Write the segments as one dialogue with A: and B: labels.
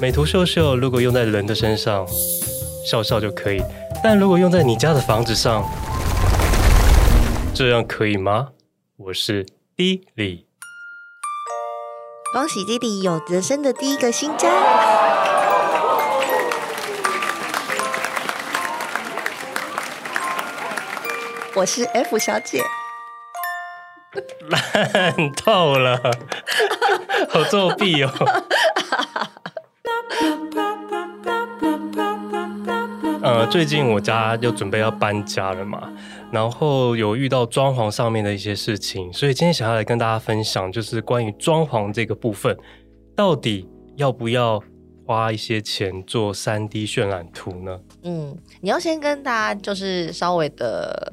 A: 美圖秀秀如果用在人的身上，笑笑就可以；但如果用在你家的房子上，這樣可以嗎？我是 D 李，
B: 恭喜 D 李有人生的第一個新家。 我是 F 小姐，
A: 爛透 到了， 好作弊哦。 最近我家又準備要搬家了嘛，然後有遇到裝潢上面的一些事情，所以今天想要來跟大家分享，就是關於裝潢這個部分，到底要不要花一些錢做 3D 渲染圖呢？嗯，
B: 你要先跟大家就是稍微的。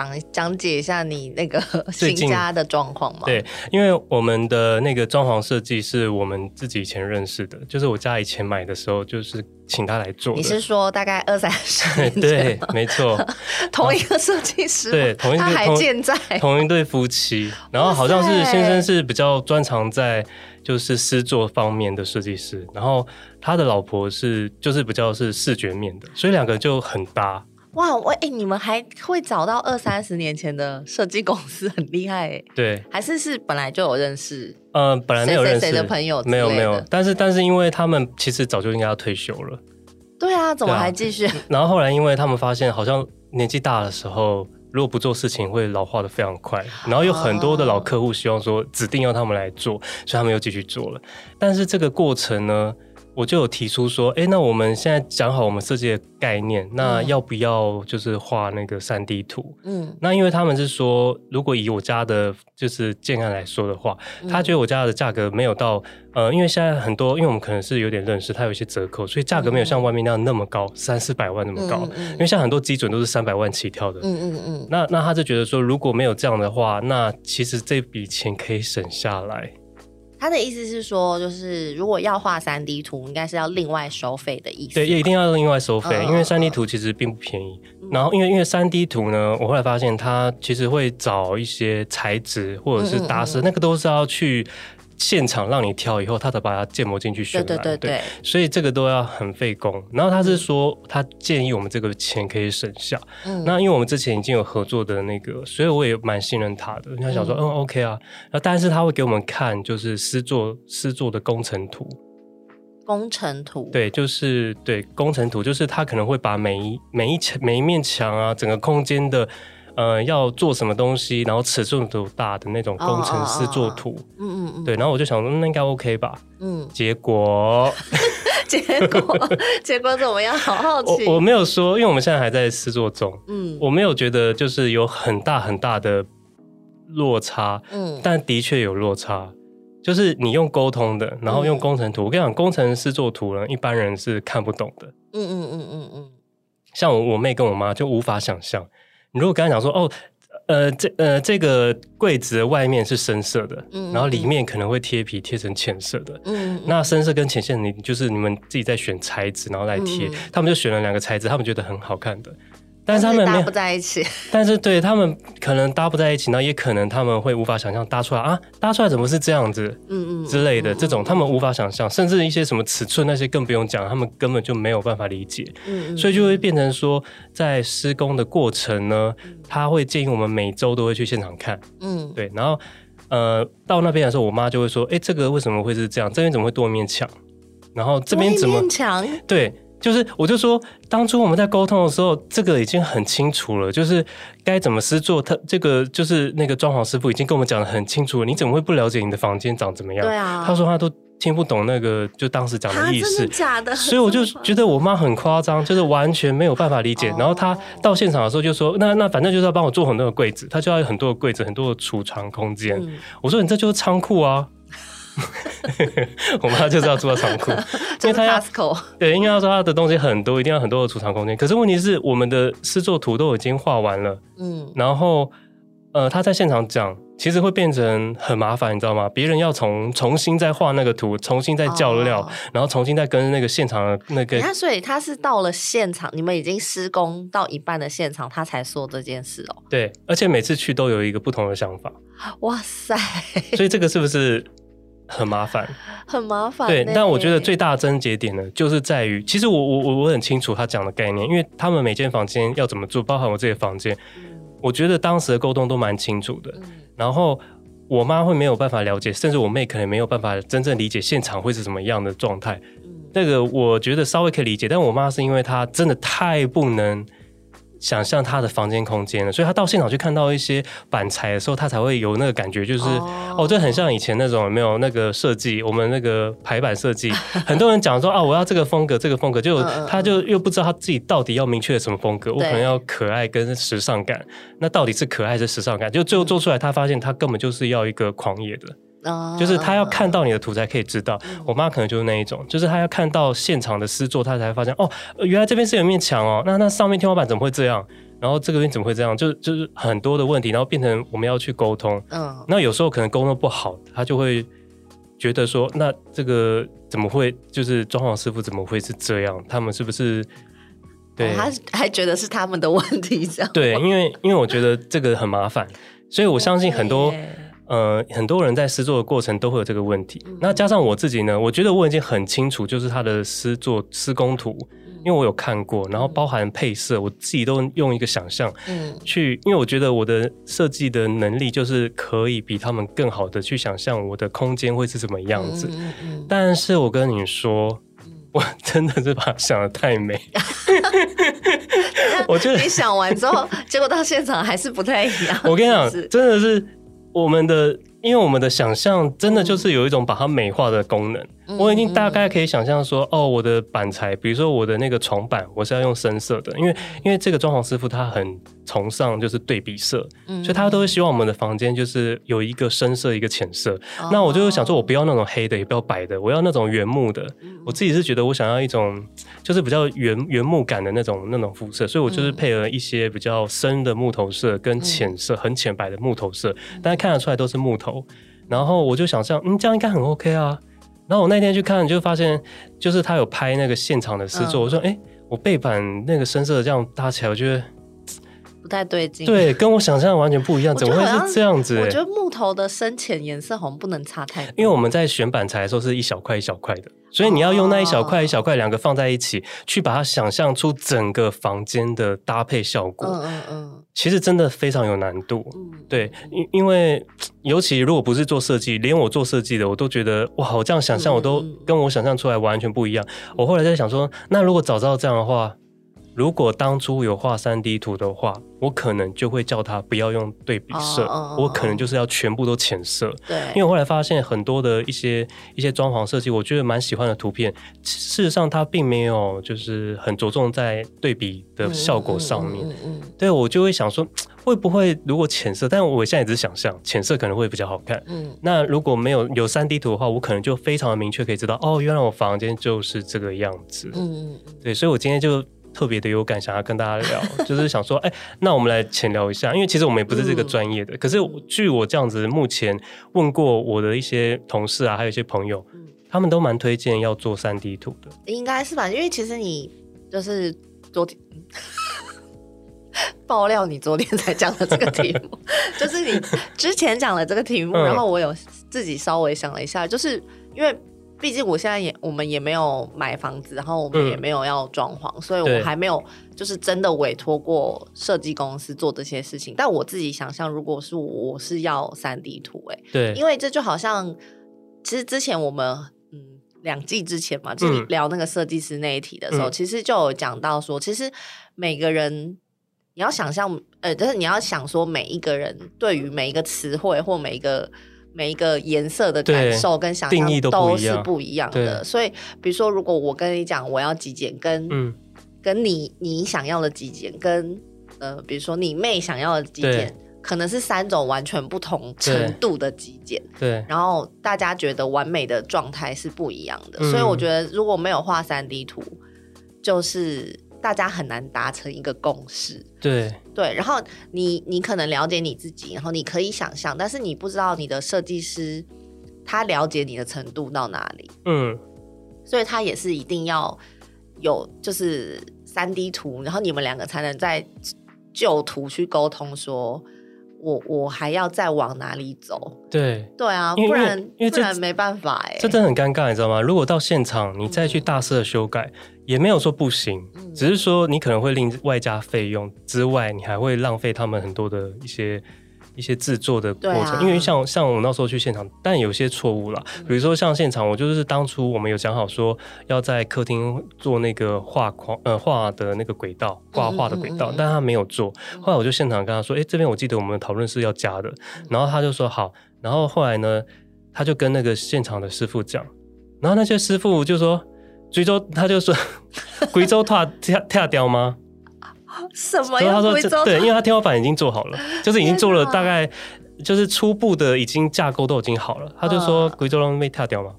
B: 講講解一下你那個新家的狀況嗎？對，
A: 因為我們的那個裝潢設計是我們自己以前認識的，就是我家以前買的時候就是請他來做。你是
B: 說大概二三十年？
A: 對，沒錯，
B: 同一個設計師，對，同一他還健在同，同
A: 一對夫妻。然後好像是先生是比較專長在就是施作方面的設計師，哦、塞然後他的老婆是就是比較是視覺面的，所以兩個就很搭。
B: 哇，我、wow, 欸、你們還會找到二三十年前的設計公司，嗯、很厲害哎、欸。對，還是是本來就有認識誰誰
A: 誰誰。呃，本來沒有認識的朋友，沒有沒有。但是但是，因為他們其實早就應該要退休了。
B: 對啊，怎麼還繼續、啊？
A: 然後後來，因為他們發現，好像年紀大的時候，如果不做事情，會老化得非常快。然後有很多的老客戶希望說，指定要他們來做，所以他們又繼續做了。但是這個過程呢？我就有提出說，哎，那我們現在講好我們設計的概念，那要不要就是畫那個 3D 圖？嗯，嗯，那因為他們是說，如果以我家的就是建案來說的話，他覺得我家的價格沒有到，嗯、呃，因為現在很多，因為我們可能是有點認識，他有一些折扣，所以價格沒有像外面那樣那麼高，三四百萬那麼高，嗯嗯嗯，因為像很多基準都是三百萬起跳的。嗯嗯嗯，嗯嗯，那那他就覺得說，如果沒有這樣的話，那其實這筆錢可以省下來。
B: 他的意思是說，就是如果要畫三 D 圖，應該是要另外收費的意思。對，也一定
A: 要另外收費，嗯、因為三 D 圖其實並不便宜。嗯、然後因，因為因為三 D 圖呢，我後來發現它其實會找一些材質或者是搭色，嗯嗯嗯，那個都是要去。現場讓你挑以後，他才把它建模進去選。對對對對，對，所以這個都要很費工。然後他是說，他建議我們這個錢可以省下。嗯、那因為我們之前已經有合作的那個，所以我也蠻信任他的。他想說，嗯，嗯，OK 啊。那但是他會給我們看，就是施作施作的工程圖。
B: 工程圖，
A: 對，就是對工程圖，就是他可能會把每一每一層每一面牆啊，整個空間的。呃、要做什麼東西，然後尺寸很大的那種工程師做圖，嗯嗯嗯，對，然後我就想說那應該 OK 吧，嗯，結果 結果
B: 結果怎麼樣？好好奇我，我沒
A: 有說，因為我們現在還在試作中，嗯，我沒有覺得就是有很大很大的落差，嗯，但的確有落差，就是你用溝通的，然後用工程圖，嗯、我跟你講，工程師做圖呢，一般人是看不懂的，嗯嗯嗯嗯嗯，像我我妹跟我媽就無法想象。如果剛才講說哦，呃，這呃這個櫃子的外面是深色的，嗯嗯，然後裡面可能會貼皮貼成淺色的，嗯，嗯，那深色跟淺色，你就是你們自己在選材質，然後來貼，嗯嗯，他們就選了兩個材質，他們覺得很好看的。但是他們搭不在一起，但是對他們可能搭不在一起呢，也可能他們會無法想象搭出來啊，搭出來怎麼是這樣子，嗯嗯之類的這種他們無法想象，甚至一些什麼尺寸那些更不用講，他們根本就沒有辦法理解，嗯，所以就會變成說在施工的過程呢，他會建議我們每周都會去現場看，嗯，對，然後呃到那邊的時候，我媽就會說，哎，這個為什麼會是這樣？這邊怎麼會多一面牆？然後這邊怎麼牆？對。就是，我就說當初我們在溝通的時候，這個已經很清楚了，就是該怎麼施作，他這個就是那個裝潢師傅已經跟我們講的很清楚了。你怎麼會不了解你的房間長怎麼樣？對啊，他說他都聽不懂那個就當時講的意思，啊，真的假的？所以我就覺得我媽很誇張， 就是完全沒有辦法理解。然後她到現場的時候就說，那那反正就是要幫我做很多的櫃子，她就要有很多的櫃子，很多的儲藏空間。嗯，我說你這就是倉庫啊。 我媽就是要住到倉庫，
B: 因為他要
A: 對，因為他說他的東西很多，一定要很多的儲藏空間。可是問題是，我們的制作圖都已經畫完了，嗯，然後呃，他在現場講，其實會變成很麻煩，你知道嗎？別人要從重新再畫那個圖，重新再叫料，然後重新再跟那個現場的那個。那
B: 所以他是到了現場，你們已經施工到一半的現場，他才說這件事哦。
A: 對，而且每次去都有一個不同的想法。
B: 哇塞，
A: 所以這個是不是？很麻煩，
B: 很麻煩、欸。對，但我覺得最
A: 大的症結點呢，就是在於，其實我我我我很清楚他講的概念，因為他們每間房間要怎麼住，包含我自己的房間，嗯、我覺得當時的溝通都蠻清楚的。嗯、然後我媽會沒有辦法了解，甚至我妹可能沒有辦法真正理解現場會是什麼樣的狀態。嗯、那個我覺得稍微可以理解，但我媽是因為她真的太不能。想象他的房間空間，所以他到現場去看到一些板材的時候，他才會有那個感覺，就是 oh. 哦，就是哦，這很像以前那種有沒有那個設計，我們那個排版設計。 很多人講說啊，我要這個風格，這個風格，就他就又不知道他自己到底要明確什麼風格。Uh. 我可能要可愛跟時尚感，對那到底是可愛還是時尚感？就最後做出來，他發現他根本就是要一個狂野的。就是他要看到你的圖才可以知道。嗯、我媽可能就是那一種，就是她要看到現場的施作，她才發現哦，原來這邊是有面牆哦，那那上面天花板怎麼會這樣？然後這個面怎麼會這樣？就就是很多的問題，然後變成我們要去溝通。嗯，那有時候可能溝通不好，他就會覺得說，那這個怎麼會？就是裝潢師傅怎麼會是這樣？他們是不是？對，還、
B: 哦、還覺得是他們的問題？這樣
A: 對，因為因為我覺得這個很麻煩， 所以我相信很多。呃，很多人在施作的過程都會有這個問題。那加上我自己呢，我覺得我已經很清楚，就是他的施作施工圖，因為我有看過，然後包含配色，我自己都用一個想象去，嗯、因為我覺得我的設計的能力就是可以比他們更好的去想象我的空間會是什麼樣子。嗯嗯嗯，但是我跟你說，我真的是把它想得太美， 我覺得你
B: 想完之後， 結果到現場還是不太一樣。
A: 我跟你講，真的是。我們的。因為我們的想象真的就是有一種把它美化的功能。嗯、我已經大概可以想象說，嗯嗯、哦，我的板材，比如說我的那個床板，我是要用深色的，因為因為這個裝潢師傅他很崇尚就是對比色，嗯、所以他都會希望我們的房間就是有一個深色一個淺色。嗯、那我就想說，我不要那種黑的，也不要白的，我要那種原木的。我自己是覺得我想要一種就是比較原原木感的那種那種膚色，所以我就是配合一些比較深的木頭色跟淺色，嗯、很淺白的木頭色，嗯、但看得出來都是木頭。然後我就想象嗯，這樣應該很 OK 啊。然後我那天去看，就發現就是他有拍那個現場的制作。嗯、我說，哎，我背板那個深色的這樣搭起來，我覺得
B: 不太對勁。對，跟
A: 我想象的完全不一樣，怎麼會是這樣子我？我覺
B: 得木頭的深淺顏色好像不能差太多，
A: 啊，因為我們在選板材的時候是一小塊一小塊的。所以你要用那一小塊、一小塊兩個放在一起，啊，去把它想象出整個房間的搭配效果。嗯，嗯，其實真的非常有難度。對，因因為尤其如果不是做設計，連我做設計的我都覺得，哇，我這樣想象我都跟我想象出來完全不一樣。嗯，我後來在想說，那如果早知道這樣的話。如果當初有畫 3D 圖的話，我可能就會叫他不要用對比色，oh, 我可能就是要全部都淺色。對因為我後來發現很多的一些一些裝潢設計，我覺得蠻喜歡的圖片，事實上它並沒有就是很着重在對比的效果上面。嗯,嗯,嗯,嗯對，我就會想說，會不會如果淺色？但我現在只是想象，淺色可能會比較好看。嗯。那如果沒有有 3D 圖的話，我可能就非常的明確可以知道，哦，原來我房間就是這個樣子。嗯。嗯對，所以我今天就。特別的有感，想要跟大家聊， 就是想說，哎、欸，那我們來淺聊一下，因為其實我們也不是這個專業的，嗯、可是我據我這樣子，目前問過我的一些同事啊，還有一些朋友，嗯、他們都蠻推薦要做三 D 圖的，
B: 應該是吧？因為其實你就是昨天、嗯、爆料，你昨天才講的這個
A: 題目， 就
B: 是你之前講的這個題目，嗯、然後我有自己稍微想了一下，就是因為。畢竟我現在也，我們也沒有買房子，然後我們也沒有要裝潢，嗯、所以我還沒有就是真的委托過設計公司做這些事情。對但我自己想象，如果是我是要三 D 圖、欸，哎，對，因為這就好像，其實之前我們嗯兩季之前嘛，嗯、就聊那個設計師那一題的時候，嗯、其實就有講到說，其實每個人你要想象，呃，但、就是你要想說，每一個人對於每一個詞彙或每一個。每一個顏色的感受跟想象都，都是不一樣的，對所以比如說，如果我跟你講我要極簡，跟、
A: 嗯、
B: 跟你你想要的極簡，跟呃，比如說你妹想要的極簡，對可能是三種完全不同程度的極簡。對，對然後大家覺得完美的狀態是不一樣的，對所以我覺得如果沒有畫 3D 圖，就是。大家很難達成一個共識，對對，然後你你可能了解你自己，然後你可以想象，但是你不知道你的設計師他了解你的程度到哪裡，嗯，所以他也是一定要有就是 3D 圖，然後你們兩個才能在舊圖去溝通說，說我我還要再往哪裡走，對對啊，不然不然沒辦法哎、欸，
A: 這真的很尷尬，你知道嗎？如果到現場你再去大肆的修改。嗯也沒有說不行，只是說你可能會另外加費用之外，你還會浪費他們很多的一些一些制作的過程，啊、因為像像我那時候去現場，但有些錯誤啦，比如說像現場，我就是當初我們有講好說要在客廳做那個畫框呃畫的那個軌道掛畫的軌道，但他沒有做，後來我就現場跟他說，誒、欸，這邊我記得我們討論是要加的，然後他就說好，然後後來呢，他就跟那個現場的師傅講，然後那些師傅就說。貴州，他就說：“貴州塌跳掉嗎？
B: 什麼呀？他說這 對，因為他
A: 天花板已經做好了，就是已經做了大概，就是初步的，已經架構都已經好了。他就說貴、嗯、州容易塌掉嗎？”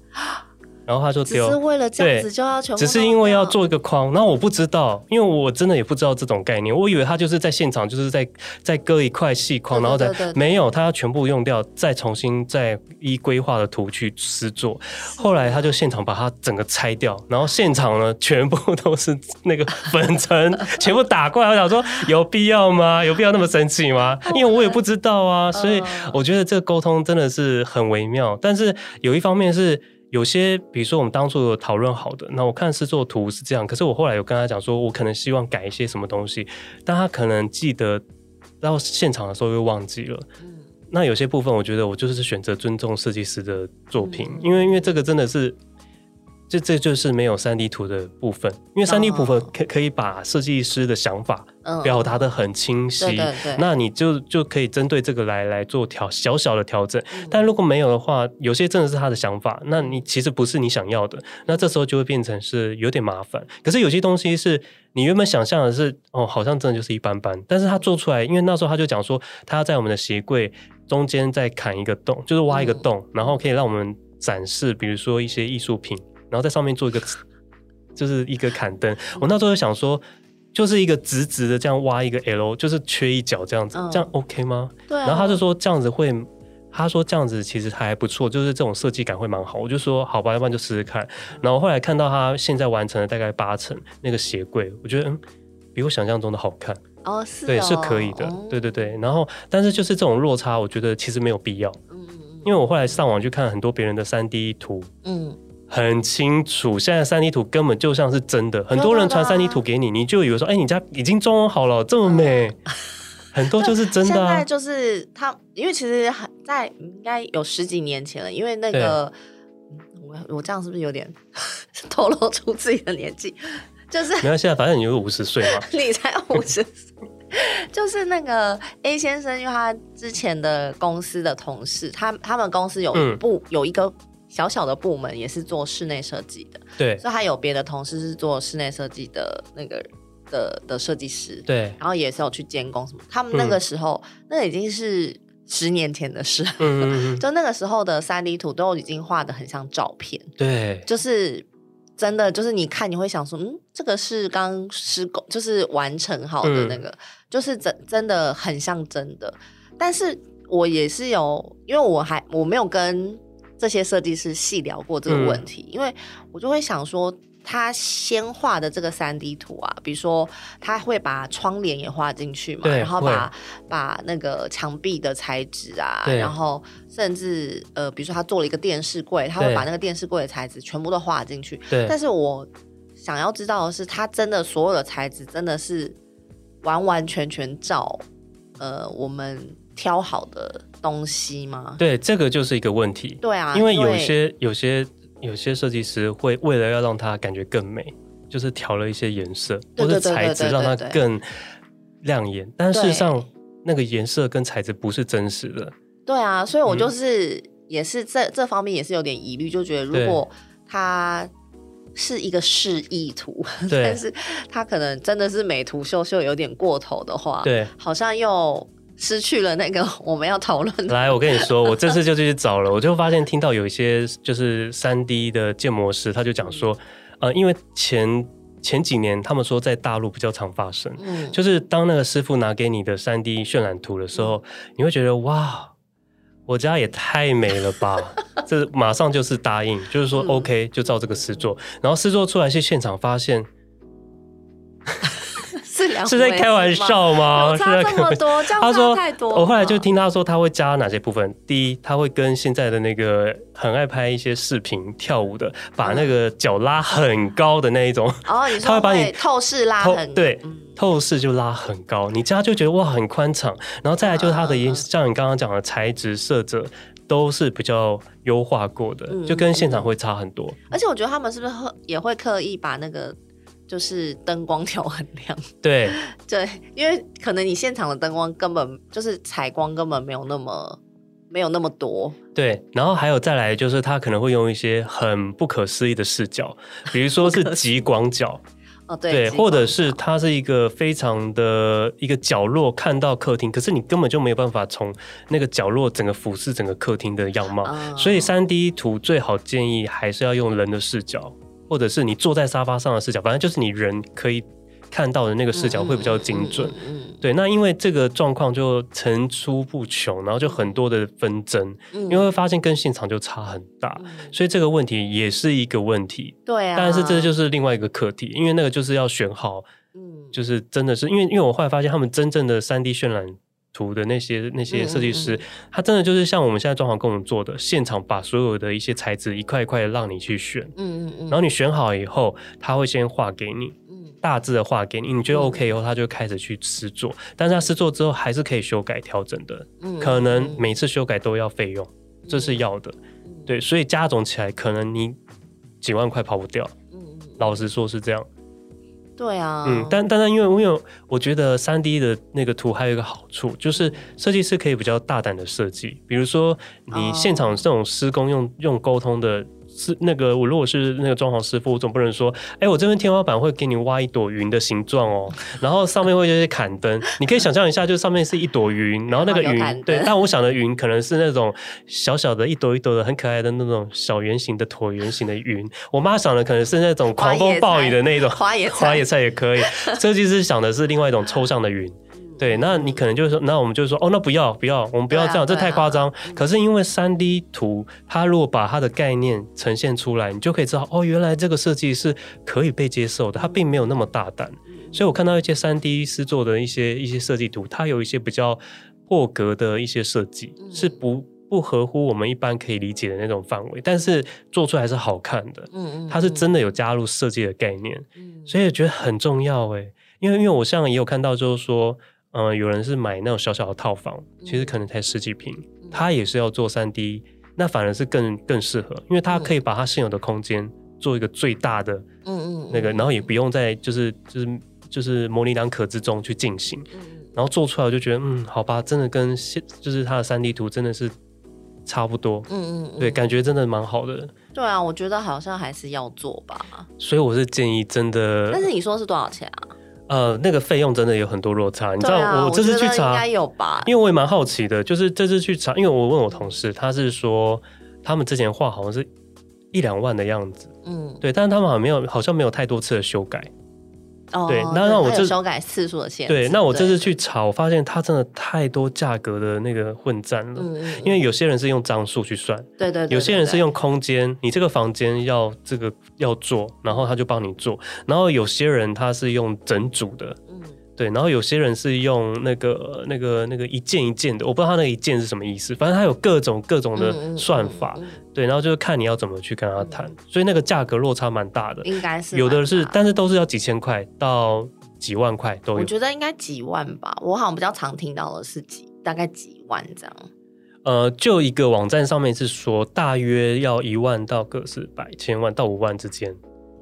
A: 然後他說，只只是為了這樣子就要求，只是因為要做一個框。然後我不知道，因為我真的也不知道這種概念。我以為他就是在現場，就是在在割一塊細框，對 然後再沒有，他要全部用掉，再重新再依規劃的圖去施作。後來他就現場把它整個拆掉，然後現場呢全部都是那個粉塵， 全部打過來。我想說，有必要嗎？有必要那麼神奇嗎？會因為我也不知道啊，所以我覺得這個溝通真的是很微妙。但是有一方面是。有些，比如說我們當初有討論好的，那我看製作圖是這樣，可是我後來有跟他講說，我可能希望改一些什麼東西，但他可能記得到現場的時候又忘記了。嗯、那有些部分，我覺得我就是選擇尊重設計師的作品，嗯、因為因為這個真的是。這這就是沒有三 D 圖的部分，因為三 D 部分可可以把設計師的想法表達的很清晰，那你就就可以針對這個來來做調小小的調整。但如果沒有的話，有些真的是他的想法，那你其實不是你想要的，那這時候就會變成是有點麻煩。可是有些東西是你原本想象的是哦，好像真的就是一般般，但是他做出來，因為那時候他就講說，他在我們的鞋櫃中間再砍一個洞，就是挖一個洞，嗯、然後可以讓我們展示，比如說一些藝術品。然後在上面做一個，就是一個崁燈。我那時候就想說，就是一個直直的這樣挖一個 L，就是缺一角這樣子，這樣 OK 嗎？嗯、對、啊。然後他就說這樣子會，他說這樣子其實還,還不錯，就是這種設計感會蠻好。我就說好吧，要不然就試試看。嗯、然後後來看到他現在完成了大概八成那個鞋櫃，我覺得嗯，比我想象中的好看。哦，
B: 是哦對，是可以的，嗯、
A: 對對對。然後但是就是這種落差，我覺得其實沒有必要。因為我後來上網去看很多別人的三 D 圖，嗯。很清楚，現在三 D 圖根本就像是真的。很多人傳三 D 圖給你，對對對啊、你就以為說，哎，你家已經裝好了，這麼美，嗯、 很多就是真的、啊。現在就
B: 是他，因為其實很在，應該有十幾年前了。因為那個，啊嗯、我我這樣是不是有點 透露出自己的年紀？就是，沒
A: 關係、啊、反正你有五十歲嘛。
B: 你才五十歲， 就是那個 A 先生，因為他之前的公司的同事，他他們公司有不有一個。嗯小小的部門也是做室內設計的，對，所以還有別的同事是做室內設計的那個的的設計師，對，然後也是有去監工什麼。他們那個時候，嗯、那已經是十年前的事了，嗯、就那個時候的三 D 圖都已經畫得很像照片，
A: 對，
B: 就是真的，就是你看你會想說，嗯，這個是剛施工，就是完成好的那個，嗯、就是真真的很像真的。但是我也是有，因為我還我沒有跟。這些設計師細聊過這個問題，嗯、因為我就會想說，他先畫的這個 3D 圖啊，比如說他會把窗簾也畫進去嘛，對然後把會把那個牆壁的材質啊，對然後甚至呃，比如說他做了一個電視櫃，他會把那個電視櫃的材質全部都畫進去。對但是我想要知道的是，他真的所有的材質真的是完完全全照呃我們。挑好的東西嗎？
A: 對，這個就是一個問題。對啊，因為有些、對有些、有些設計師會為了要讓它感覺更美，就是調了一些顏色或者材質，讓它更亮眼。對對對對，但事實上，對那個顏色跟材質不是真實的。
B: 對啊，所以我就是也是在這方面也是有點疑慮，嗯、就覺得如果它是一個示意圖，對但是它可能真的是美圖秀秀有點過頭的話，對，好像又。失去了那個我們要討論的。來，我
A: 跟你說，我這次就去找了， 我就發現聽到有一些就是三 D 的建模師，他就講說，嗯、呃，因為前前幾年他們說在大陸比較常發生，嗯、就是當那個師傅拿給你的三 D 渲染圖的時候，嗯、你會覺得哇，我家也太美了吧， 這馬上就是答應， 就是說 OK，就照這個施作，嗯、然後施作出來去現場發現。
B: 是，是在開玩笑嗎？差這麼多，這樣
A: 多，他說太多。我後來就聽他說他會加哪些部分。第一，他會跟現在的那個很愛拍一些視頻跳舞的，把那個腳拉很高的那一種。哦、嗯，他會把你、哦、你說會，
B: 透視拉很高，對，
A: 透視就拉很高，你家就覺得哇，很寬敞。然後再來就是他的音，嗯嗯，像你剛剛講的材質色澤都是比較優化過的，嗯嗯嗯，就跟現場會差很多。
B: 而且我覺得他們是不是會也會刻意把那個。就是燈光調很亮，對 對，因為可能你現場的燈光根本就是採光根本沒有那麼沒有那麼多，
A: 對。然後還有再來就是他可能會用一些很不可思議的視角，比如說是極廣角，
B: 哦對，對，對或者
A: 是它是一個非常的一個角落看到客廳，可是你根本就沒有辦法從那個角落整個俯視整個客廳的樣貌，嗯、所以三 D 圖最好建議還是要用人的視角。嗯或者是你坐在沙發上的視角，反正就是你人可以看到的那個視角會比較精準。嗯，嗯嗯嗯對。那因為這個狀況就層出不窮，然後就很多的紛爭，嗯、因為會發現跟現場就差很大，嗯嗯、所以這個問題也是一個問題。嗯、
B: 對啊。但是這
A: 就是另外一個課題，因為那個就是要選好，嗯，就是真的是因為，因為我後來發現他們真正的 3D 渲染，圖的那些那些設計師，嗯嗯、他真的就是像我們現在裝潢工給我們做的，現場把所有的一些材質一塊一塊的讓你去選，嗯嗯嗯，嗯然後你選好以後，他會先畫給你，嗯，大致的畫給你，你覺得 OK 以後，他就開始去試做，但是他試做之後還是可以修改調整的，嗯，可能每次修改都要費用，這是要的，對，所以加總起來可能你幾萬塊跑不掉，嗯，老實說是這樣。對啊，嗯，但但是因為我有，我覺得 3D 的那個圖還有一個好處，就是設計師可以比較大膽的設計，比如說你現場這種施工用，oh. 用溝通的。是那個我如果是那個裝潢師傅，我總不能說，哎，我這邊天花板會給你挖一朵雲的形狀哦，然後上面會就是崁燈， 你可以想象一下，就上面是一朵雲， 然後那個雲，對，但我想的雲可能是那種小小的一朵一朵的很可愛的那種小圓形的橢圓形的雲， 我媽想的可能是那種狂風暴雨的那種花椰花椰，花椰菜也可以，設計師想的是另外一種抽象的雲。對，那你可能就是說，那我們就是說，哦，那不要不要，我們不要這樣，啊啊、這太誇張。可是因為三 D 圖，它如果把它的概念呈現出來，你就可以知道，哦，原來這個設計是可以被接受的，它並沒有那麼大膽。所以我看到一些三 D 師做的一些一些設計圖，它有一些比較破格的一些設計，是不不合乎我們一般可以理解的那種範圍，但是做出來是好看的。嗯嗯，它是真的有加入設計的概念，所以我覺得很重要哎、欸，因為因為我像也有看到就是說。嗯、呃，有人是買那種小小的套房，嗯、其實可能才十幾平，嗯嗯、他也是要做 3D，那反而是更更適合，因為他可以把他現有的空間做一個最大的，嗯嗯，那個，嗯嗯嗯、然後也不用在就是就是就是模稜兩可之中去進行，嗯、然後做出來我就覺得，嗯，好吧，真的跟現就是他的 3D 圖真的是差不多，嗯嗯，嗯對，感覺真的蠻好的。
B: 對啊，我覺得好像還是要做吧。
A: 所以我是建議真的，但
B: 是你說是多少錢啊？
A: 呃，那個費用真的有很多落差，啊、你知道我這次去查，應該有吧？因為我也蠻好奇的，就是這次去查，因為我問我同事，他是說他們之前畫好像是一兩萬的樣子，嗯，對，但是他們好像沒有，好像沒有太多次的修改。
B: 哦、對，那那我這修改次數的限制。對，那我這次
A: 去炒，對我發現它真的太多價格的那個混戰了。嗯，因為有些人是用張數去算，對對
B: 對，對對對。有些人是用
A: 空間，你這個房間要這個要做，然後他就幫你做。然後有些人他是用整組的。對，然後有些人是用那個、呃、那個、那個一件一件的，我不知道他那一件是什麼意思，反正他有各種各種的算法。嗯嗯嗯、對，然後就是看你要怎麼去跟他談，嗯、所以那個價格落差蠻大的，
B: 應該是蠻大的，有的
A: 是，大的，但是都是要幾千塊到幾萬塊都有。我覺得
B: 應該幾萬吧，我好像比較常聽到的是幾，大概幾萬這樣。
A: 呃，就一個網站上面是說，大約要一萬到個是百千萬到五萬之間。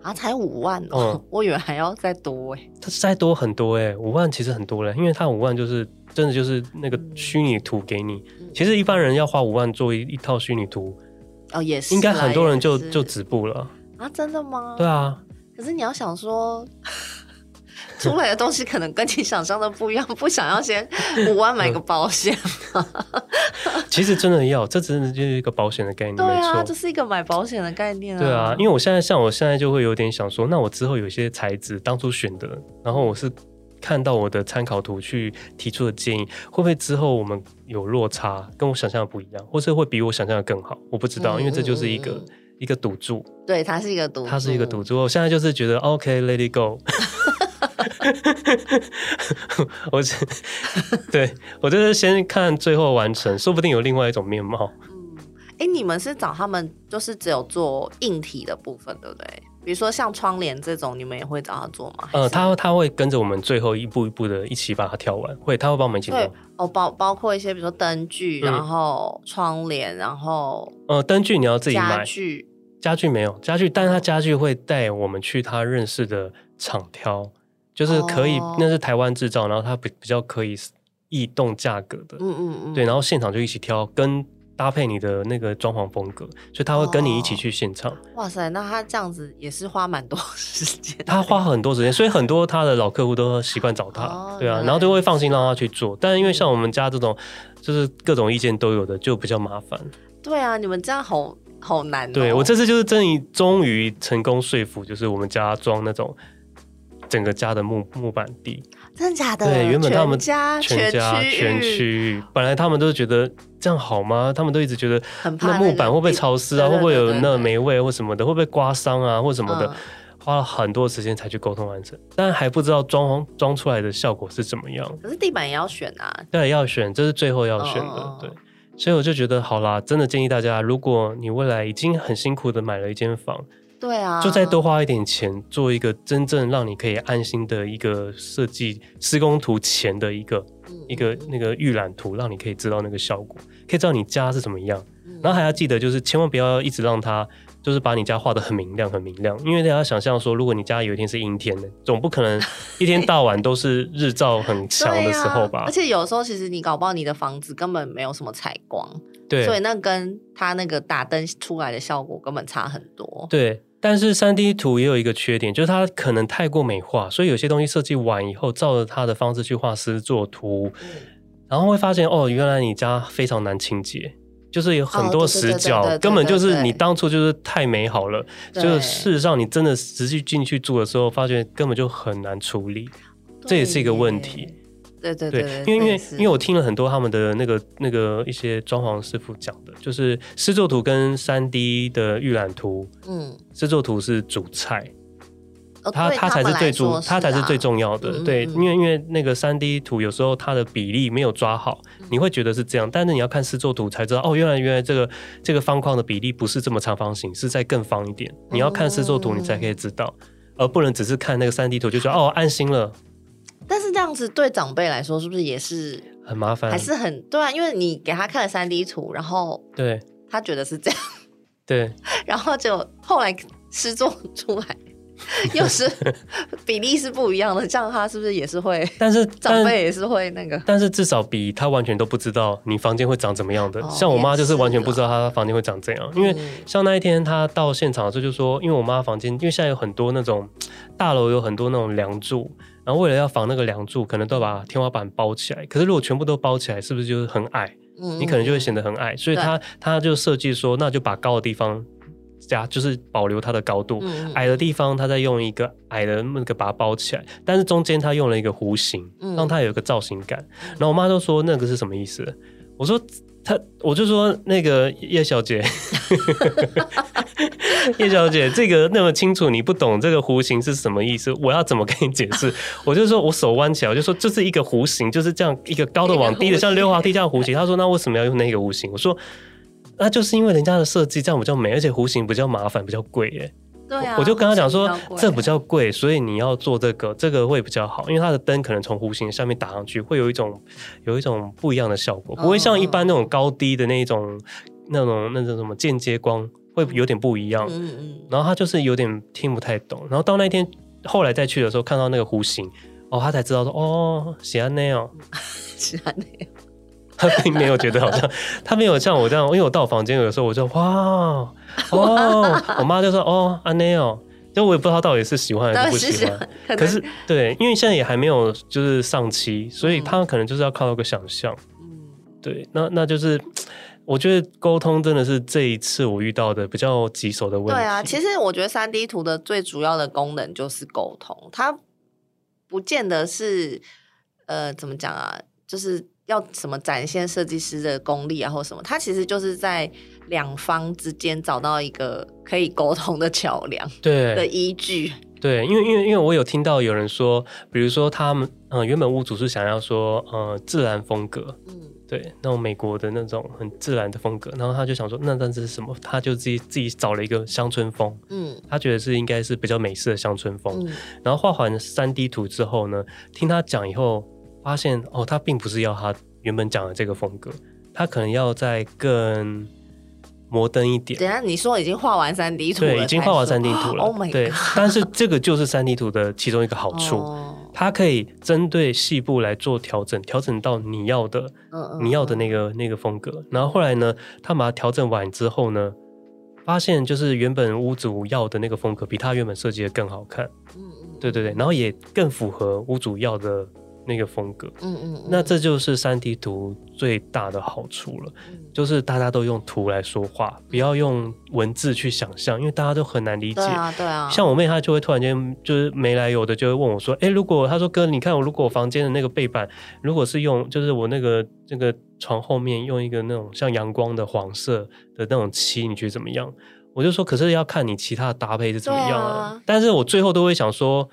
B: 啊，才五萬哦、喔！嗯、我以為還要再多誒、
A: 欸，他再多很多誒、欸。五萬其實很多了、欸，因為他五萬就是真的就是那個虛擬圖給你，嗯、其實一般人要花五萬做一一套虛擬圖，
B: 哦也是，應該很多人就是就
A: 止步了
B: 啊？真的嗎？對啊，可是你要想說。 出來的東西可能跟你想象的不一樣，不想要先五萬買個保險嗎？
A: 其實真的要，這真的就是一個保險的概念。對啊，錯
B: 這是一個買保險的概念啊。
A: 對啊，因為我現在像我現在就會有點想說，那我之後有一些材質，當初選的，然後我是看到我的參考圖去提出的建議，會不會之後我們有落差，跟我想象的不一樣，或者會比我想象的更好？我不知道，因為這就是一個、嗯、一個賭注。
B: 對，它是一個賭注，它是一個賭
A: 注。我現在就是覺得，OK，let、okay, it go。 我 對，我就是先看最後完成，說不定有另外一種面貌。嗯，
B: 哎、欸，你們是找他們，就是只有做硬體的部分，對不對？比如說像窗簾這種，你們也會找他做嗎？
A: 呃，他他會跟着我們最後一步一步的，一起把它挑完。會，他會幫我們一起
B: 挑。哦，包包括一些比如說燈具，然後窗簾、嗯，然後
A: 呃，燈具你要自己買。家具家具沒有家具，但是他家具會帶我們去他認識的廠挑。就是可以，哦、那是台灣製造，然後它，比比較可以易動價格的，嗯嗯嗯，對，然後現場就一起挑，跟搭配你的那個裝潢風格，所以他會跟你一起去現場。
B: 哦。哇塞，那他這樣子也是花蠻多
A: 時間，他花很多時間，對所以很多他的老客戶都習慣找他，哦、對啊，對然後就會放心讓他去做。但因為像我們家這種，嗯、就是各種意見都有的，就比較麻煩。
B: 對啊，你們這樣好好難。哦。對我這次
A: 就是終於終於成功說服，就是我們家裝那種。整個家的木木板地，
B: 真的假的？對，原本他們家全家全區
A: 域，本來他們都覺得這樣好嗎？他們都一直覺得，很怕 那木板會不會潮濕啊？會不會有那霉味或什麼的？對對對對對，會不會刮傷啊或什麼的？嗯、花了很多時間才去溝通完成，但還不知道裝裝出來的效果是怎麼樣。
B: 可是地板也要選啊，
A: 對，要選，這是最後要選的。哦、對，所以我就覺得好啦，真的建議大家，如果你未來已經很辛苦的買了一間房。
B: 對啊，就再
A: 多花一點錢做一個真正讓你可以安心的一個設計施工圖前的一個、嗯、一個那個預覽圖，讓你可以知道那個效果，可以知道你家是什麼樣。嗯、然後還要記得，就是千萬不要一直讓他就是把你家畫的很明亮很明亮，因為大要家想象說，如果你家有一天是陰天的，總不可能一天到晚都是日照很強的時候吧？ 啊、而且
B: 有時候其實你搞不好你的房子根本沒有什麼採光，對。所以那跟他那個打燈出來的效果根本差很多。
A: 對。但是 3D 圖也有一個缺點，就是它可能太過美化，所以有些東西設計完以後，照着它的方式去畫師作圖，嗯、然後會發現哦，原來你家非常難清潔，就是有很多死角，根本就是你當初就是太美好了，對對對對，就是事實上你真的實際進去住的時候，發現根本就很難處理，這也是一個問題。
B: 對對對，因為因為因為我
A: 聽了很多他們的那個那個一些裝潢師傅講的，就是施作圖跟三 D 的預覽圖，嗯，施作圖是主菜，它它才是最主，它才是最重要的。對，因為因為那個三 D 圖有時候它的比例沒有抓好，你會覺得是這樣，但是你要看施作圖才知道，哦，原來原來這個這個方框的比例不是這麼長方形，是再更方一點。你要看施作圖，你才可以知道，而不能只是看那個三 D 圖就覺得哦，安心了。
B: 但是這樣子對長輩來說，是不是也是
A: 很麻煩？還是很，
B: 很，還是很。對啊，因為你給他看了 3D 圖，然後對，他覺得是這樣，對，然後就後來失重出來，對又是比例是不一樣的，這樣 他是不是也是會？但是但長輩也是會那個，但
A: 是至少比他完全都不知道你房間會長怎麼樣的。哦、像我媽就是完全不知道她房間會長怎樣，因為像那一天她到現場的時候就說，因為我媽房間，因為現在有很多那種大樓，有很多那種梁柱。然後為了要防那個樑柱，可能都要把天花板包起來。可是如果全部都包起來，是不是就是很矮？嗯嗯，你可能就會顯得很矮。所以他對他就設計說，那就把高的地方加，就是保留它的高度；嗯嗯，矮的地方，他再用一個矮的那個把它包起來。但是中間他用了一個弧形，讓它有一個造型感。嗯、然後我媽就說，那個是什麼意思？我說。他，我就說，那個 F 小姐，F 小姐，這個那麼清楚，你不懂這個弧形是什麼意思？我要怎麼跟你解釋？我就說我手彎起來，我就說這是一個弧形，就是這樣一個高的往低的像溜滑梯這樣弧形。他說那為什麼要用那個弧形？我說那就是因為人家的設計這樣比較美，而且弧形比較麻煩，比較貴耶。我就跟他講說，這比較貴，所以你要做這個，這個會比較好，因為它的燈可能從弧形下面打上去，會有一種，有一種不一樣的效果，不會像一般那種高低的那種，那種那種什麼間接光，會有點不一樣。然後他就是有點聽不太懂，然後到那天後來再去的時候，看到那個弧形，哦，他才知道說，哦，是這樣、哦，是這樣。他並沒有覺得好像， 他沒有像我這樣，因為我到我房間有的時候我就哇，哇 我媽就哦，我媽就說哦阿 n e i，就我也不知道他到底是喜歡還是不喜歡。是可，可是對，因為現在也還沒有就是上期，所以他可能就是要靠一個想象嗯、對，那那就是我覺得溝通真的是這一次我遇到的比較棘手的問題。對啊，
B: 其實我覺得三 D 圖的最主要的功能就是溝通，它不見得是呃怎麼講啊，就是。要什麼展現設計師的功力啊，或什麼？他其實就是在兩方之間找到一個可以溝通的橋梁，對，對的依據。
A: 對，因為因為因為我有聽到有人說，比如說他們嗯、呃，原本屋主是想要說呃自然風格，嗯，對，那種美國的那種很自然的風格。然後他就想說，那但是什麼？他就自己自己找了一個鄉村風，嗯，他覺得是應該是比較美式的鄉村風。嗯、然後畫完 3D 圖之後呢，聽他講以後。發現哦，他並不是要他原本講的這個風格，他可能要再更摩登一點。等下
B: 你說已經畫完三 D 圖了，對，已經畫完三 D 圖了。Oh my god！
A: 對，但是這個就是三 D 圖的其中一個好處，oh. 它可以針對細部來做調整，調整到你要的，oh. 你要的那個、oh. 那個風格。然後後來呢，他把它調整完之後呢，發現就是原本屋主要的那個風格比他原本設計的更好看。嗯，oh. 對對對，然後也更符合屋主要的。那個風格，嗯，嗯嗯，那這就是 3D 圖最大的好處了，嗯、就是大家都用圖來說話，不要用文字去想象，因為大家都很難理解。對啊，對啊，像我妹她就會突然間就是沒來由的就會問我說：“哎、欸，如果她說哥，你看我如果房間的那個背板如果是用就是我那個那個床後面用一個那種像陽光的黃色的那種漆，你覺得怎麼樣？”我就說：“可是要看你其他的搭配是怎麼樣啊。啊”但是我最後都會想說。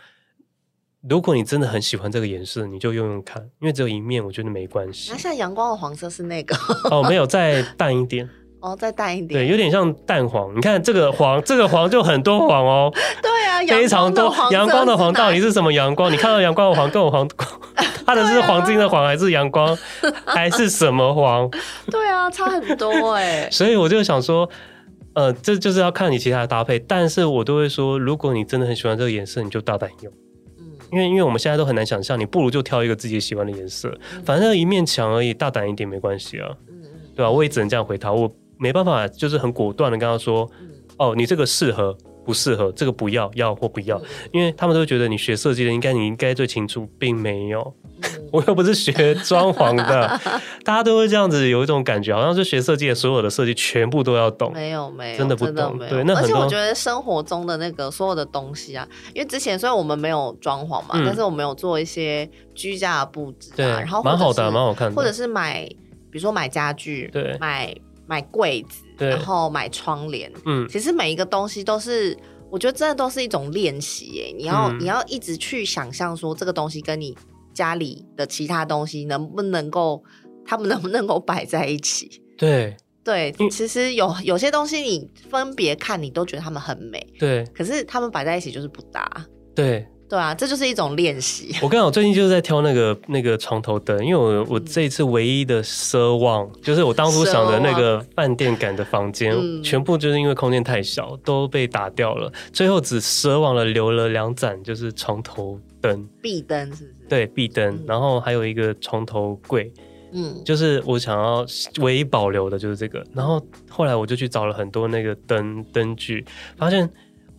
A: 如果你真的很喜歡這個顏色，你就用用看，因為只有一面，我覺得沒關係。那
B: 像陽光的黃色是那個？ 哦，沒有，
A: 再淡一點。哦，
B: 再淡一點。對，
A: 有點像蛋黃。你看這個黃，這個黃就很多黃哦。
B: 對啊，非常多黃。陽光的
A: 黃到底是什麼陽光？你看到陽光的黃跟我黃，它 的是黃金的黃還是陽光、 啊、還是什麼黃？
B: 對啊，差很多哎、欸。所
A: 以我就想說，呃，這就是要看你其他的搭配，但是我都會說，如果你真的很喜歡這個顏色，你就大膽用。因為因為我們現在都很難想象，你不如就挑一個自己喜歡的顏色，反正一面牆而已，大膽一點沒關係啊，對吧、啊？我也只能這樣回答，我沒辦法，就是很果斷的跟他說，哦，你這個適合。不適合，這個不要，要或不要。因為他們都覺得你學設計的應該你應該最清楚，並沒有， 我又不是學裝潢的， 大家都會這樣子，有一種感覺，好像是學設計的所有的設計全部都要懂，沒有
B: 沒有，沒有，真的不懂，沒有那，而且我覺得生活中的那個所有的東西啊，因為之前雖然我們沒有裝潢嘛，嗯、但是我們有做一些居家的布置啊，對然後蠻好的，蠻好看的，或者是買，比如說買家具，對，買買櫃子。對然後買窗簾，嗯、其實每一個東西都是，我覺得真的都是一種練習耶。你要、嗯、你要一直去想象說這個東西跟你家裡的其他東西能不能夠，他們能不能夠擺在一起？對對，其實有、嗯、有些東西你分別看，你都覺得他們很美，對，可是他們擺在一起就是不搭，對。對啊，這就是一種練習。
A: 我剛好最近就是在挑那個那個床頭燈，因為我、嗯、我這一次唯一的奢望就是我當初想的那個飯店感的房間，嗯、全部就是因為空間太小都被打掉了，最後只奢望了留了兩盞，就是床頭燈、
B: 壁燈是不
A: 是？對，壁燈，嗯、然後還有一個床頭櫃，嗯，就是我想要唯一保留的就是這個。然後後來我就去找了很多那個燈燈具，發現。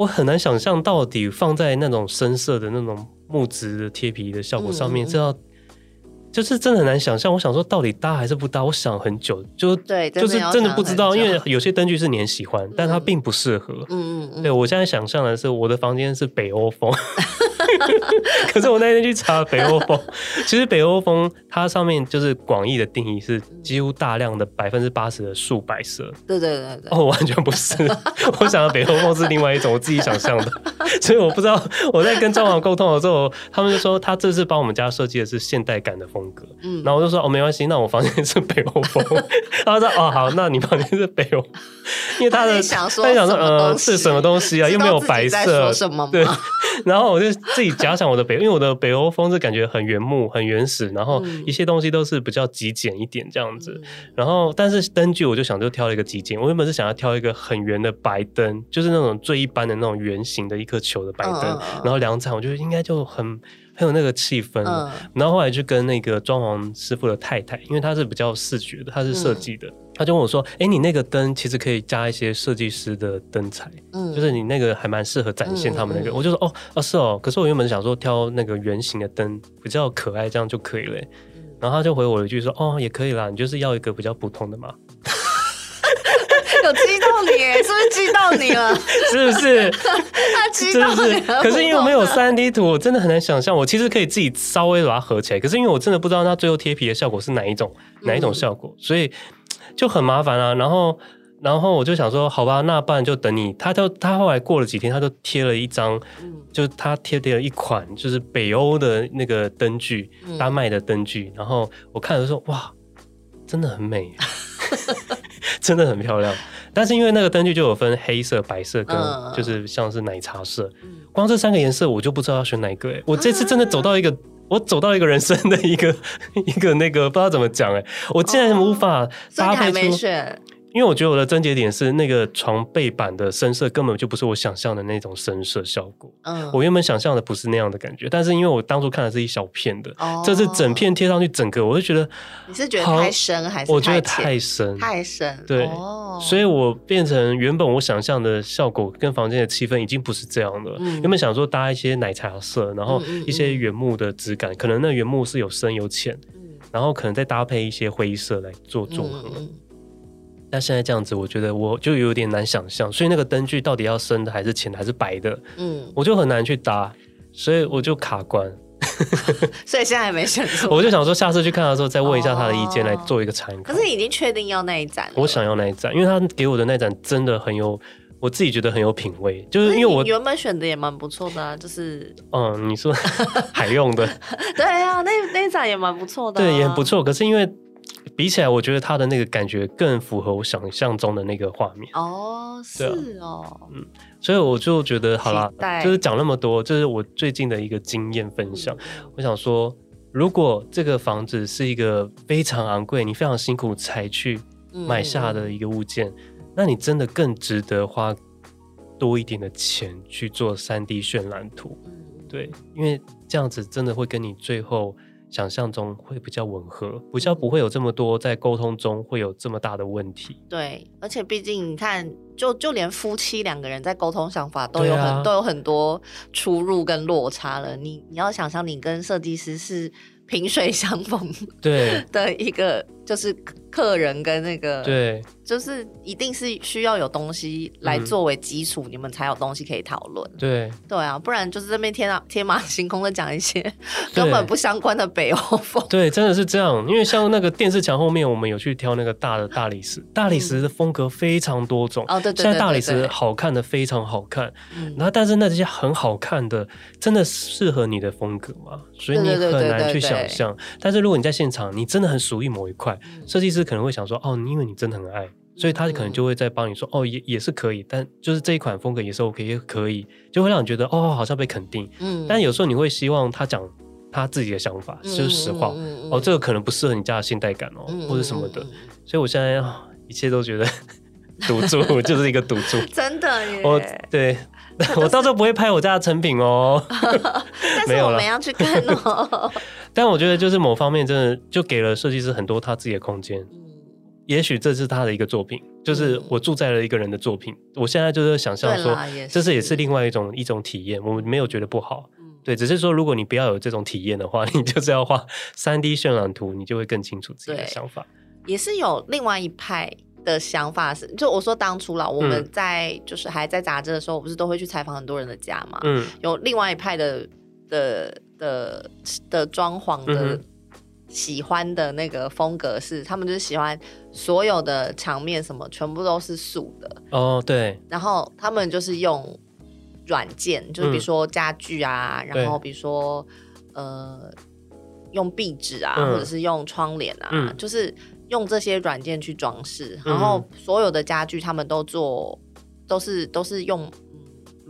A: 我很難想象，到底放在那種深色的那種木質的貼皮的效果上面，這要、嗯嗯。就是真的很難想象，我想說到底搭還是不搭？我想很久，就
B: 對，就是真的不知道，
A: 因為有些燈具是你很喜歡，嗯、但它並不適合。嗯嗯。嗯嗯，對我現在想象的是，我的房間是北歐風， 可是我那天去查北歐風， 其實北歐風它上面就是廣義的定義是幾乎大量的 ,80 的百分之八十的素白色。對對
B: 對
A: 對。哦，完全不是，我想要北歐風是另外一種 我自己想象的，所以我不知道我在跟裝潢溝通的時候，他們就說他這次幫我們家設計的是現代感的風。嗯，然後我就說哦，沒關係，那我房間是北歐風。 然後他說哦，好，那你房間是北歐，因為他的他想說，他想說呃是什麼東西啊？又沒有白色，什麼對？然後我就自己假想我的北， 因為我的北歐風是感覺很原木、很原始，然後一些東西都是比較極簡一點這樣子。嗯、然後但是燈具，我就想就挑了一個極簡。我原本是想要挑一個很圓的白燈，就是那種最一般的那種圓形的一顆球的白燈，嗯、然後兩盞，我覺得應該就很。很有那個氣氛，嗯、然後後來就跟那個裝潢師傅的太太，因為他是比較視覺的，他是設計的，他、嗯、就問我說：“哎，你那個燈其實可以加一些設計師的燈彩，嗯、就是你那個還蠻適合展現他們那個。嗯”嗯、我就說：“哦，哦、啊、是哦，可是我原本想說挑那個圓形的燈，比較可愛，這樣就可以了。嗯”然後他就回我一句說：“哦，也可以啦，你就是要一個比較普通的嘛。
B: 嗯”哈哈哈是不是激到你了？ 是不是？他激到你了？是是，可是因為沒有三
A: D 圖， 我真的很難想象。我其實可以自己稍微把它合起來，可是因為我真的不知道它最後貼皮的效果是哪一種，哪一種效果，嗯、所以就很麻煩啊。然後，然後我就想說，好吧，那不然就等你。他就他後來過了幾天，他就貼了一張，嗯、就他貼貼了一款，就是北歐的那個燈具，丹麥、嗯、的燈具。然後我看的時候，哇，真的很美， 真的很漂亮。但是因為那個燈具就有分黑色、白色跟就是像是奶茶色，光這三個顏色我就不知道要選哪個，欸，我這次真的走到一個，我走到一個人生的一個一個那個不知道怎麼講哎，我竟然無法搭配出。因為我覺得我的症結點是那個床背板的深色根本就不是我想象的那種深色效果。嗯，我原本想象的不是那樣的感覺。但是因為我當初看的是一小片的。哦、這是整片貼上去整個，我就覺得你是
B: 覺得太深還是太淺？我覺得太深，太深。對，哦、
A: 所以，我變成原本我想象的效果跟房間的氣氛已經不是這樣的了。嗯、原本想說搭一些奶茶色，然後一些原木的質感，嗯嗯嗯，可能那原木是有深有淺，嗯、然後可能再搭配一些灰色來做綜合。嗯嗯嗯但現在這樣子，我覺得我就有點難想象，所以那個燈具到底要深的還是淺的還是白的？嗯，我就很難去搭，所以我就卡關，
B: 所以現在還沒選擇。我
A: 就想說，下次去看的時候再問一下他的意見，來做一個參
B: 考、哦。可是已經確定要那一盞，
A: 我想要那一盞，因為他給我的那一盞真的很有，我自己覺得很有品味，就是因為我原
B: 本選的也蠻不錯的、啊，就是
A: 嗯，你說還 用的？
B: 對啊，那那一盞也蠻不錯的、啊，對，也很不
A: 錯。可是因為。比起來，我覺得它的那個感覺更符合我想象中的那個畫面。哦、oh, 啊，
B: 是哦，嗯，
A: 所以我就覺得，好啦，就是講那麼多，就是我最近的一個經驗分享。嗯、我想說，如果這個房子是一個非常昂貴、你非常辛苦才去買下的一個物件，嗯、那你真的更值得花多一點的錢去做三 D 渲染圖，嗯、對，因為這樣子真的會跟你最後。想象中會比較吻合，比較不會有這麼多在溝通中會有這麼大的問題。
B: 對，而且畢竟你看，就就連夫妻兩個人在溝通想法都有很、啊、都有很多出入跟落差了。你你要想象，你跟設計師是萍水相逢對的一個就是。客人跟那個，對，就是一定是需要有東西來作為基礎，嗯、你們才有東西可以討論。對對啊，不然就是這邊天馬、啊、天馬行空的講一些根本不相關的北歐風。
A: 對，對，真的是這樣，因為像那個電視牆後面，我們有去挑那個大的大理石， 大理石的風格非常多種。嗯、哦，對對對。現在大理石好看的非常好看，嗯、然後但是那些很好看的，真的適合你的風格嗎？所以你很難去想象。但是如果你在現場，你真的很熟於某一塊、嗯、設計師。可能會想說哦，因為你真的很愛，所以他可能就會再幫你說哦，也也是可以，但就是這一款風格也是 OK、也可以，就會讓你覺得哦，好像被肯定。嗯，但有時候你會希望他講他自己的想法，就是實話、嗯嗯嗯嗯、哦，這個可能不適合你家的現代感哦，嗯、或者什麼的。所以我現在一切都覺得賭注就是一個賭注， 真的耶。我、哦、對我到時候不會拍我家的成品哦， 但是我們要去看哦。 但我覺得，就是某方面真的就給了設計師很多他自己的空間。嗯、也許這是他的一個作品，就是我住在了一個人的作品。嗯、我現在就是想象說，是這是也是另外一種一種體驗。我們沒有覺得不好，嗯、對，只是說如果你不要有這種體驗的話，你就是要畫三 D 渲染圖，你就會更清楚自己的想法。
B: 也是有另外一派的想法是，是就我說當初了，我們在、嗯、就是還在雜誌的時候，我不是都會去採訪很多人的家嘛？嗯，有另外一派的。的的的裝潢的喜歡的那個風格是，他們就是喜歡所有的牆面什麼全部都是素的哦，對。然後他們就是用軟件，就是比如說家具啊，然後比如說呃，用壁紙啊，或者是用窗簾啊，就是用這些軟件去裝飾。然後所有的家具他們都做都是都是用。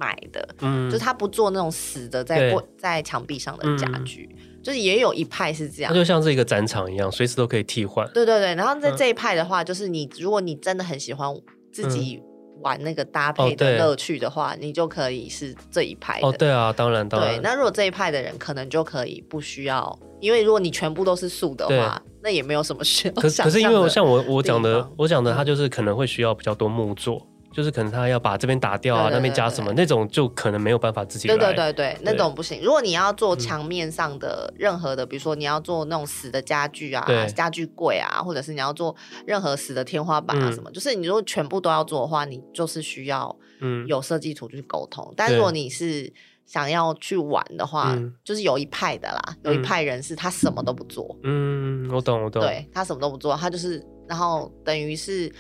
B: 買的，嗯，就是他不做那種死的，在在牆壁上的家具，就是也有一派是這樣，那就像
A: 是一個展場一樣，隨時都可以替換。對對對，然後在這一
B: 派的話，就是你如果你真的很喜歡自己玩那個搭配的樂趣的話，你就可以是這一派的。哦，對
A: 啊，當然，當然。那
B: 如果這一派的人，可能就可以不需要，因為如果你全部都是素的話，那也沒有什麼需要。可是可是，因為像我我講的，
A: 我講的，他就是可能會需要比較多木作。就是可能他要把這邊打掉啊，那邊加什麼那種，就可能沒有辦法自己來。對對對對，那種不
B: 行。如果你要做牆面上的任何的，比如說你要做那種死的家具啊、家具櫃啊，或者是你要做任何死的天花板啊什麼，就是你如果全部都要做的話，你就是需要
A: 嗯，有
B: 設計圖去溝通。但如果你是想要去玩的話，就是有一派的啦，有一派人士他什麼都不做。
A: 嗯，我懂我懂。對，
B: 他什麼都不做，他就是然後等於是。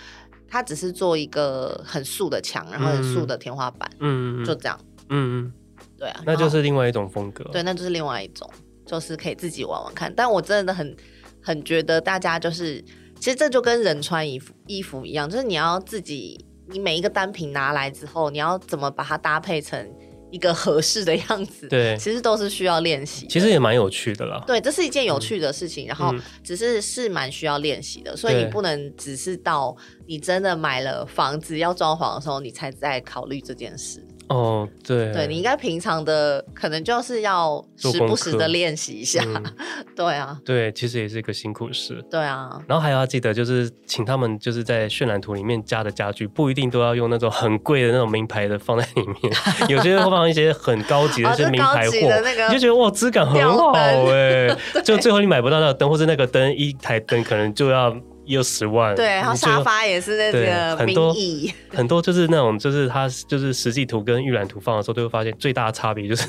B: 它只是做一個很素的牆，然後很素的天花板，嗯嗯，就這樣，嗯
A: 嗯，對啊，那就是另外一種風格，對，
B: 那就是另外一種，就是可以自己玩玩看。但我真的很很覺得大家就是，其實這就跟人穿衣服衣服一樣，就是你要自己，你每一個單品拿來之後，你要怎麼把它搭配成。一個合適的樣子，對，其實都是需要練習。
A: 其實也蠻有趣的啦，
B: 對，這是一件有趣的事情，嗯、然後只是是蠻需要練習的，嗯、所以你不能只是到你真的買了房子要裝潢的時候，對你才在考慮這件事。
A: 哦，對、啊，對你應
B: 該平常的可能就是要時不時的練習一下，嗯、 對啊，
A: 對，其實也是一個辛苦事，對啊。然後還要記得就是請他們就是在渲染圖裡面加的家具不一定都要用那種很貴的那種名牌的放在裡面， 有些會放一些很高級的、一些名牌貨、啊、的那個，你就覺得哇質感很好哎、欸，料燈 對就最後你買不到那個燈，或是那個燈一台燈可能就要。又十萬，對，然後、嗯、沙發也是那個名椅，很多,對很多就是那種，就是它就是實際圖跟預覽圖放的時候都會發現最大的差別就是,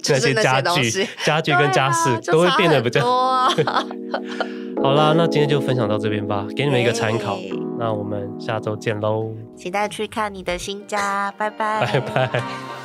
A: 就是那些家具， 家具跟家飾都會變得比較、啊、多。好啦，那今天就分享到這邊吧，給你們一個參考。哎、那我們下周見嘍，
B: 期待去看你的新家，拜拜，
A: 拜拜。